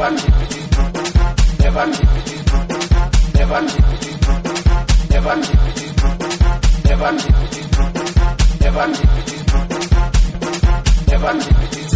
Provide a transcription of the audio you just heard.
Never keep it Never keep it Never keep it Never keep it Never keep it Never keep it Never keep it